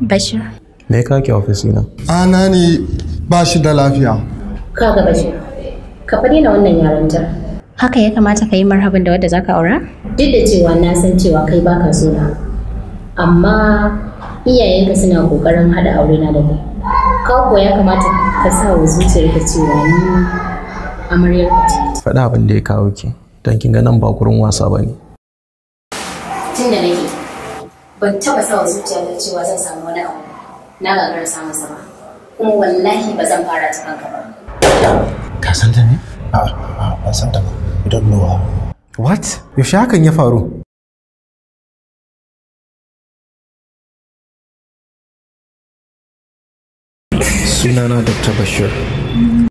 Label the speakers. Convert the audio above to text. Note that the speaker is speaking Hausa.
Speaker 1: Bashir.
Speaker 2: Me ka ke ofisina? Ana ne ba shi da lafiya.
Speaker 1: Kaga Bashir, ka faɗi na wannan yaron ta. Haka ya kamata ka yi marhaban da wadda za ka aura? Duk da cewa na san cewa kai baka so na, amma
Speaker 3: iyayenka suna ƙoƙarin haɗa aure na da kai.
Speaker 4: Ka ya kamata ka sa wa ka cewa ni
Speaker 5: amaryar ce.
Speaker 2: Faɗa abin da ya kawo ki, don kin ga nan ba gurin wasa ba ne.
Speaker 5: Tun da nake ban taba sawa da cewa zan samu wani abu na gagara samun sama kuma wallahi ba zan fara ta kanka ba
Speaker 6: ka san ta ne a'a ban san ta ba idan don't know what yaushe hakan ya faru sunana dr bashir